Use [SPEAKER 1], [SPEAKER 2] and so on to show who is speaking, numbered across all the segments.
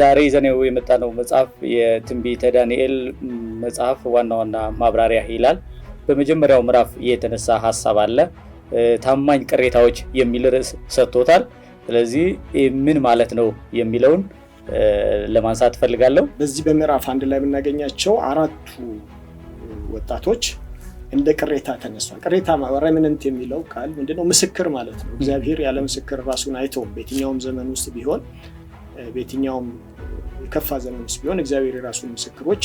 [SPEAKER 1] ዛሬ ይዘነው የመጣነው መጽሐፍ የትንቢተ ዳንኤል መጽሐፍ ዋና ዋና ማብራሪያ ይላል። በመጀመሪያው ምዕራፍ የተነሳ ሀሳብ አለ፣ ታማኝ ቅሬታዎች የሚል ርዕስ ሰጥቶታል። ስለዚህ ምን ማለት ነው የሚለውን ለማንሳት ፈልጋለሁ።
[SPEAKER 2] በዚህ በምዕራፍ አንድ ላይ የምናገኛቸው አራቱ ወጣቶች እንደ ቅሬታ ተነሷል። ቅሬታ ረምንንት የሚለው ቃል ምንድነው? ምስክር ማለት ነው። እግዚአብሔር ያለ ምስክር ራሱን አይተውም። በየትኛውም ዘመን ውስጥ ቢሆን በየትኛውም የከፋ ዘመን ውስጥ ቢሆን እግዚአብሔር የራሱን ምስክሮች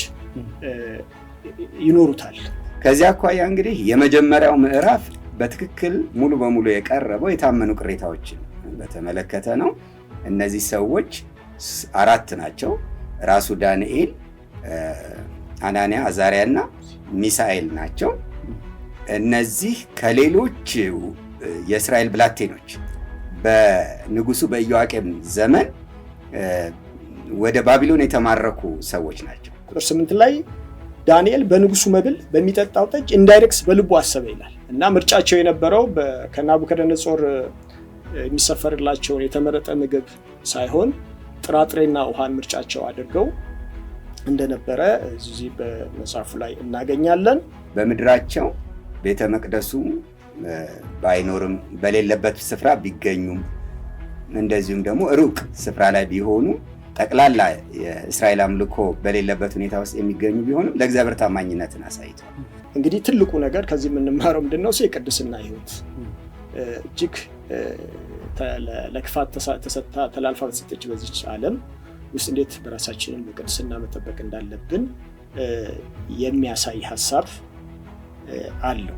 [SPEAKER 2] ይኖሩታል።
[SPEAKER 3] ከዚያ አኳያ እንግዲህ የመጀመሪያው ምዕራፍ በትክክል ሙሉ በሙሉ የቀረበው የታመኑ ቅሬታዎችን በተመለከተ ነው። እነዚህ ሰዎች አራት ናቸው። ራሱ ዳንኤል፣ አናንያ፣ አዛሪያ እና ሚሳኤል ናቸው። እነዚህ ከሌሎች የእስራኤል ብላቴኖች በንጉሱ በኢዮዋቄም ዘመን ወደ ባቢሎን የተማረኩ ሰዎች ናቸው።
[SPEAKER 2] ቁጥር ስምንት ላይ ዳንኤል በንጉሱ መብል በሚጠጣው ጠጅ እንዳይረክስ በልቡ አሰበ ይላል እና ምርጫቸው የነበረው ከናቡከደነጾር የሚሰፈርላቸውን የተመረጠ ምግብ ሳይሆን ጥራጥሬና ውሃን ምርጫቸው አድርገው እንደነበረ እዚህ በመጽሐፉ ላይ እናገኛለን።
[SPEAKER 3] በምድራቸው ቤተ መቅደሱ ባይኖርም በሌለበት ስፍራ ቢገኙም እንደዚሁም ደግሞ ሩቅ ስፍራ ላይ ቢሆኑ ጠቅላላ የእስራኤል አምልኮ በሌለበት ሁኔታ ውስጥ የሚገኙ ቢሆንም ለእግዚአብሔር ታማኝነትን አሳይቷል።
[SPEAKER 2] እንግዲህ ትልቁ ነገር ከዚህ የምንማረው ምንድን ነው? የቅድስና ህይወት እጅግ ለክፋት ተሰጥታ ተላልፋ በተሰጠች በዚች ዓለም ውስጥ እንዴት በራሳችንም የቅድስና መጠበቅ እንዳለብን የሚያሳይ ሀሳብ አለው።